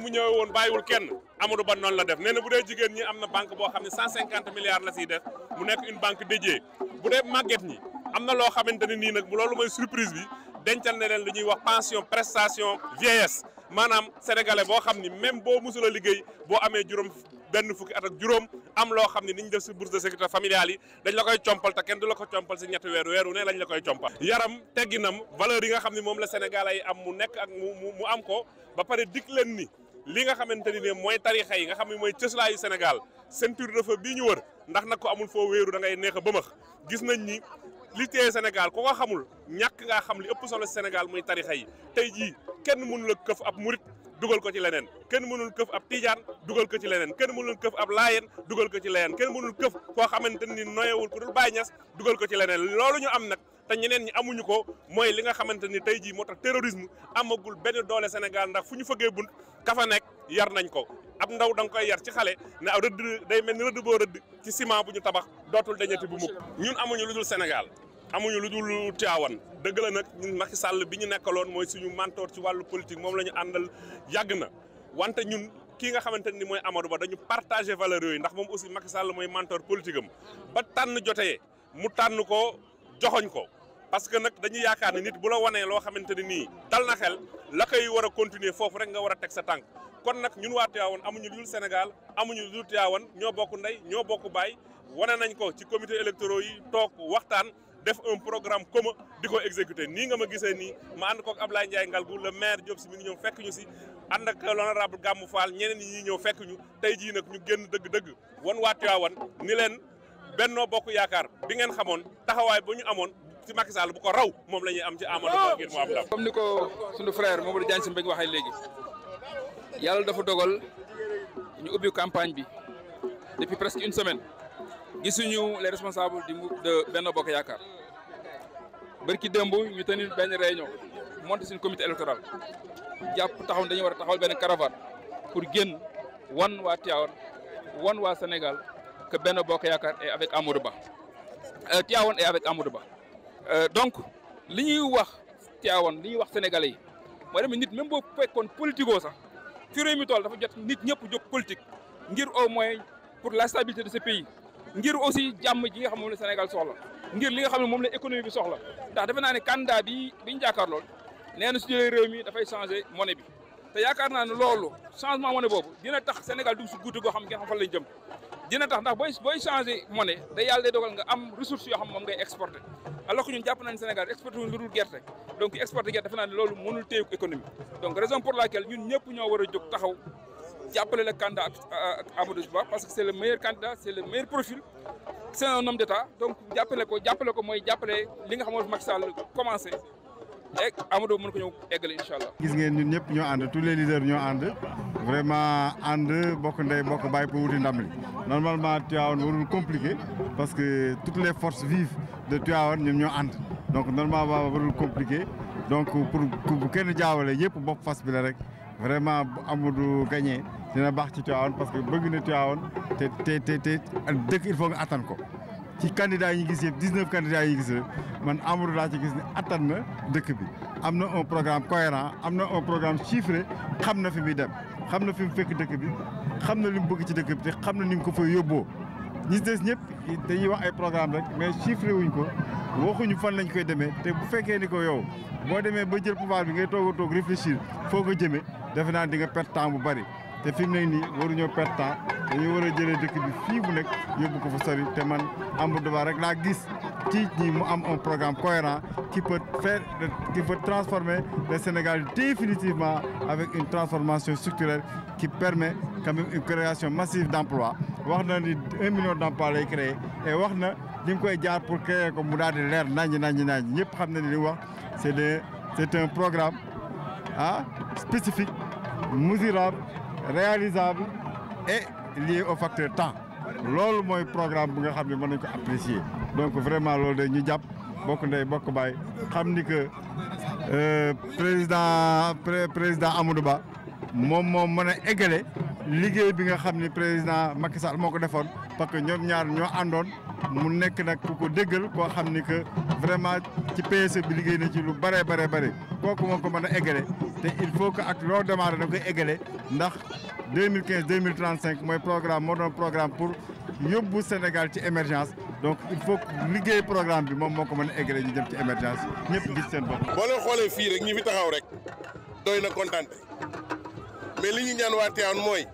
mu ñëwee woon bàyyiwul kenn Amadou Ba noonu la def nee na bu dee jigéen ñi am na banque boo xam ne 150 milliards la siy def mu nekk une banque dédiée bu dee màgget ñi am na loo xamante ne nii nag loolu mooy surprise bi dencal ne leen lu wax pension prestation vieillesse maanaam sénégalais boo xam ni même boo musul a liggéey boo amee juróom benn fukki at ak juróom am loo xam ne ni ñu def si bourse de sécurité familiale yi dañ la koy compal te kenn du la ko compal si ñetti weer weeru ne lañ la koy compal yaram tegginam valeur yi nga xam ne moom la sénégalais yi am mu nekk ak mu am ko ba pare dig leen ni li nga xamante ni ne mooy tarixa yi nga xam ne mooy cëslaayu Sénégal ceinture de bii ñu wër ndax nag ko amul foo wéeru da ngay neex a bëmax gis nañ ni li téye Sénégal ku ko xamul ñàkk ngaa xam li ëpp solo Sénégal muy tarixa yi tey jii kenn mënu la këf ab murit dugal ko ci leneen kenn mënul këf ab tijaan dugal ko ci leneen kenn mënul këf ab laayeen dugal ko ci leneen kenn mënul këf koo xamante ni noyewul ku dul Baay Ñas dugal ko ci leneen loolu ñu am nag te ñeneen ñi amuñu ko mooy li nga xamante ni tey jii moo tax terrorisme amagul benn doole Sénégal ndax fu ñu fëggee bu ka fa nekk yar nañ ko ab ndaw da nga koy yar ci xale ne rëdd day mel ni boo rëdd ci ciment bu ñu tabax dootul dañati bu mukk ñun amuñu lu dul Sénégal amuñu lu dul Tiwaawan dëgg la nag ñun Macky bi ñu nekkaloon mooy suñu mentor ci wàllu politique moom la ñu àndal yàgg na wante ñun kii nga xamante ni mooy Amadou Ba dañu partagé valeur yooyu ndax moom aussi Macky Sall mooy mentor politique am ba tànn jotee mu tànn ko joxoñ ko parce que nag dañuy yaakaar ne nit bu la wanee loo xamante ne nii tal na xel la koy war a continuer foofu rek nga war a teg sa tànk kon nag ñun waa Tivaouane amuñu lu dul Sénégal amuñu lu dul Tivaouane ñoo bokk ndey ñoo bokk baay wane nañ ko ci comité électoraux yi toog waxtaan def un programme commun di ko exécuter nii nga ma gisee nii ma ànd kook Ablaye Ndiaye Ngalgou le maire Diop si mi ngi ñëw fekk ñu si ànd ak l'honorable Gamou Fall ñeneen ñi ñuy ñëw fekk ñu tey ñu génn dëgg-dëgg wan waa Tivaouane ni leen Benno Bokk Yaakaar bi ngeen xamoon taxawaay bu ñu amoon ci Macky Sall bu ko raw moom la ñuy am ci Amadou Ba ngir mu am ndam. comme ni ko sunu frère Mamadou Diagne Sy Mbengue waxee léegi yàlla dafa dogal ñu ubbi campagne bi depuis presque une semaine gisuñu les responsables du de Benno Bokk Yaakaar barki démb ñu tenir benn réunion monté suñu comité électoral jàpp taxaw dañu war a taxawal benn caravane pour génn wan waa Tivaouane wan waa Sénégal que Benno Bokk Yaakaar est avec Amadou Ba euh, Tivaouane est avec Amadou Ba. Euh, donc li ñuy wax Tivaouane li ñuy wax sénégalais yi mooy dem nit même boo fekkoon politico sax ci réew mi tool dafa jot nit ñëpp jóg politique ngir au moins pour la stabilité de ce pays ngir aussi jàmm ji nga xam moom la Sénégal soxla ngir li nga xam ne moom la économie bi soxla ndax defe naa ne candidat bi bi ñu jàkkaarlool nee na su jëlee réew mi dafay changer monnaie bi. te yaakaar naa ne loolu changement monnaie boobu dina tax Sénégal dugg si guuti goo xam nga xam fan lañ jëm dina tax ndax booy booy changé monnaie da yàlla day dogal nga am ressource yoo xam moom ngay exporté alors que ñun jàpp nañ Sénégal exporté wuñ lu dul gerte donc exporté gerte defe naa loolu mënul téye ko économie donc raison pour laquelle ñun ñëpp ñoo war a jóg taxaw jàppale le candidat Amadou Ba parce que c' est le meilleur candidat c' est le meilleur profil ko jàppale ko mooy jàppale li nga xamoon Macky Sall commencé egg Amadou mën ko ñëw eggale incha allah. gis ngeen ñun ñëpp ñoo ànd tu les leaders ñoo ànd vraiment ànd bokk ndey bokk bàyyi pour wuti ndam li normalement Tivaouane warul compliqué parce que toutes les forces vives de Tivaouane ñoom ñoo ànd donc normalement warul compliqué donc pour bu kenn jaawale yëpp bopp fas bi la rek vraiment bu Amadou gagné dina baax ci Tivaouane parce que bëgg na Tivaouane te te te te dëkk il faut nga attan ko. ci candidats yi ñu gis yëpp 19 candidats yi ñu gis man Amadou laa ci gis ne attan na dëkk bi am na un programme cohérent am na un programme chiffré xam na fi muy dem xam na fi mu fekk dëkk bi xam na li mu bëgg ci dëkk bi te xam na ni mu ko fa yóbboo ñi si des ñëpp dañuy wax ay programme rek mais chiffré wuñ ko waxuñu fan lañ koy demee te bu fekkee ni ko yow boo demee ba jël pouvoir bi ngay toog a toog réfléchir foo ko jëmee defe naa di nga perte temps bu bari te fi mu ne nii waruñoo perte temps dañoo war a jëlee dëkk bi fii bu nekk yóbbu ko fa sori te man am Amadou Ba rek laa gis ci ñi mu am un programme cohérent qui peut faire qui peut transformer le Sénégal définitivement avec une transformation structurelle qui permet quand même une création massive d'emplois wax na ni un million d'emplois lay créer et wax na ni mu koy jaar pour créer mu daal di leer ji naññ naññ ñëpp xam na ni li wax c'est des c'est un programme ah spécifique mesurable réalisable et lié au facteur temps loolu mooy programme bu nga xam ne mën nañ ko apprécier donc vraiment loolu day ñu jàpp bokk ndey bokk baay xam ni que euh, président président Amadou Ba moom moo mën a égaler liggéey bi nga xam ni président Macky Sall moo ko defoon parce que ñoom ñaar ñoo àndoon mu nekk nag ku ko déggal koo xam ni que vraiment ci PSE bi liggéey na ci lu bare bare bare kooku moo ko mën a égaler te il faut que ak loo démarré da koy égalé ndax 2015 2035 mooy programme moo doon programme pour yóbbu Sénégal ci émergence donc il faut liggéey programme bi moom moo ko mën a égalé ñu jëm ci émergence ñëpp gis seen bopp. boo leen xoolee fii rek ñi fi taxaw rek doy na kontaan mais li ñu ñaan waa Tivaouane mooy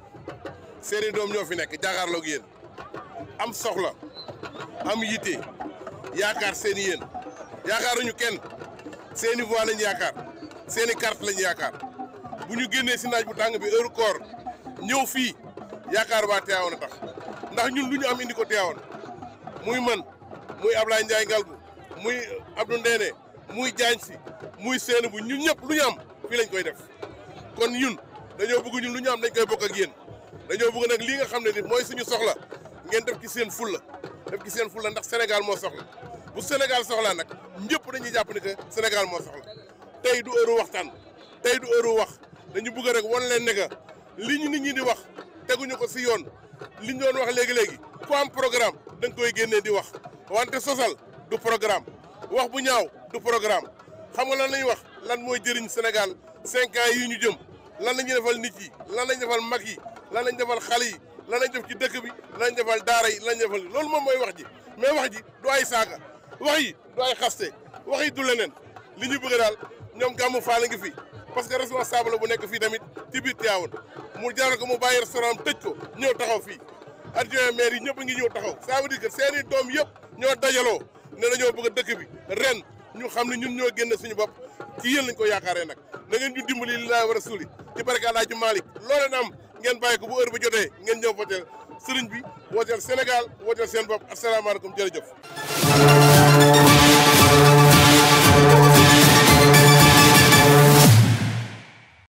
seeni doom ñoo fi nekk jàkkaarloog yéen am soxla am yitte yaakaar seeni yéen yaakaar yaakaaruñu kenn seen i voix lañu yaakaar. seen i carte lañ yaakaar bu ñu génnee si naaj bu tàng bi heure koor ñëw fii yaakaar waa Tivaouane a tax ndax ñun lu ñu am indi ko Tivaouane muy man muy Ablaye Ndiaye Ngalgu muy Abdou Ndéné muy Diagne si muy Seen bu ñun ñëpp lu ñu am fii lañ koy def kon ñun dañoo bëgg ñun lu ñu am dañ koy bokk ak yéen dañoo bëgg nag lii nga xam ne ni mooy suñu soxla ngeen def ci seen fulla def ci seen fulla ndax Sénégal moo soxla bu Sénégal soxlaa nag ñëpp dañuy jàpp ne que Sénégal tey du heure waxtaan tey du heure wax dañu bëgg rek wan leen ne que li ñu nit ñi di wax teguñu ko si yoon li ñu doon wax léegi-léegi ku am programme da nga koy génnee di wax wante sosal du programme wax bu ñaaw du programme xam nga lan lañuy wax lan mooy jëriñ Sénégal cinq ans yi ñu jëm lan la ñuy defal nit yi lan lañ defal mag yi lan lañ defal xale yi lan lañ def ci dëkk bi lan lañ defal daara yi lan lañ defal loolu moom mooy wax ji mais wax ji du ay saaga wax yi du ay xaste leneen li ñu bëgg ñoom gàmmu faal a ngi fi parce que responsable la bu nekk fii tamit ci biir Tivaouane mu jaral ko mu bàyyi restaurant tëj ko ñëw taxaw fii adjoint maire yi ñëpp ngi ñëw taxaw ça veut dire que seen i yëpp ñoo dajaloo ne dañoo bëgg dëkk bi ren ñu xam ne ñun ñoo génn suñu bopp ci yéen lañ ko yaakaaree nag na ngeen ñu dimbali li laa war a suuli ci barke Alaaji Malick loolee na am ngeen bàyyi ko bu heure ba jotee ngeen ñëw wooteel sëriñ bi wooteel Sénégal wooteel seen bopp asalaamaaleykum jërëjëf